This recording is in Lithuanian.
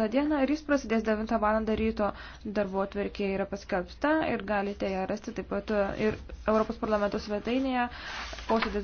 tą dieną ir jis prasidės 9 val. ryto darbo atverkė yra paskelbta ir galite ją rasti taip pat ir Europos parlamento svetainėje. Posėdis